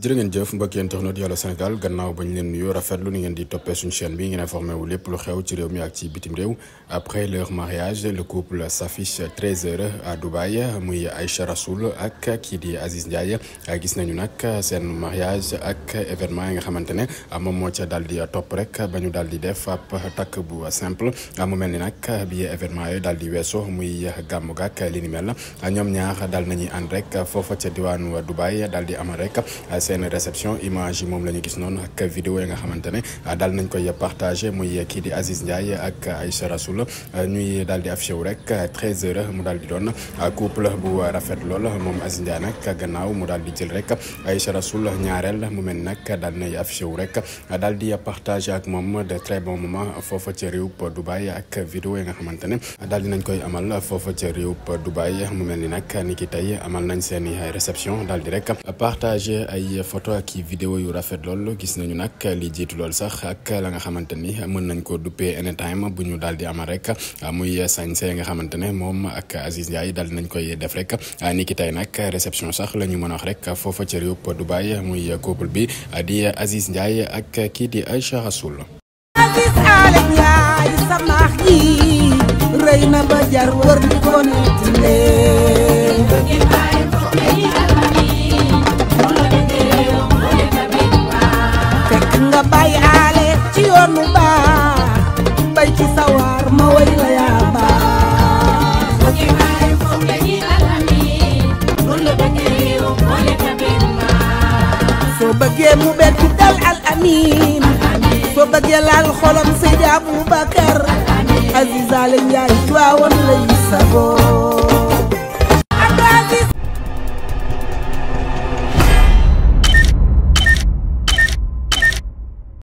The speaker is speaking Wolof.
jërë ngeen jëf mbokk yi internet Allô Sénégal gannaaw ba ñu leen nuyu rafetlu ni ngeen di toppee suñu chaîne bi ngeen informé wu lépp lu xew ci réew mi ak ci bitim réew après leur mariage le couple s'affiche 13 à Dubaï muy Aïcha Rassoul ak kii di Aziz Ndiaye gis nañu nag seen mariage ak événement yi nga xamante ne moom moo ca daal di topp rek ba ñu daal di def ab takk bu simple mu mel ni nag bi événement yooyu daal di weeso muy gàmmu ak li ni mel ñoom ñaar daal nañuy ànd rek foofa ca diwaanu Dubaï daal di amal seen réception image yi moom la ñu gis noonu ak vidéo yi nga xamante ne ah, daal nañ koy partagé muy kii di Aziz Ndiaye ak Aïcha Rasoul ah, ñuy daal di affiché wu rek treize heures mu daal di doon ah, couple bu rafet lool moom Aziz Ndiaye nag gannaaw mu daal di jël rek Aïcha Rasoul ñaareel mu mel nag daal nay affiché wu rek daal di partagé ak moom de très bon moment foofa ca réew Dubaï ak vidéo yi nga xamante ne daal di nañ koy amal foofa ca réew Dubaï mu mel ni nag ni ki tey amal nañ seen i réception daal di rek partagé ay ay photo ak i vidéo yu rafet lool gis nañu nag li jiitu lool sax ak la nga xamante ni mën nañ ko duppee anytime bu ñu daal di amal rek muy sañse nga xamante ne moom ak Aziz Ndiaye daal nañ koy def rek ni ki tey nag réception sax lañu mën a wax rek foofa ca réew Dubaï muy couple bi di Aziz Ndiaye ak kii di ay Rasoul bay ci sawar ma way la yaa baax boogi baay moom la ñuy alami noonu la bëgg réew boole ka benn maas soo bëggee mu bett dal al amin soo bëggee laal xolam Seydi Aboubacar Aziza la Njaay tuwaawoon lay saboo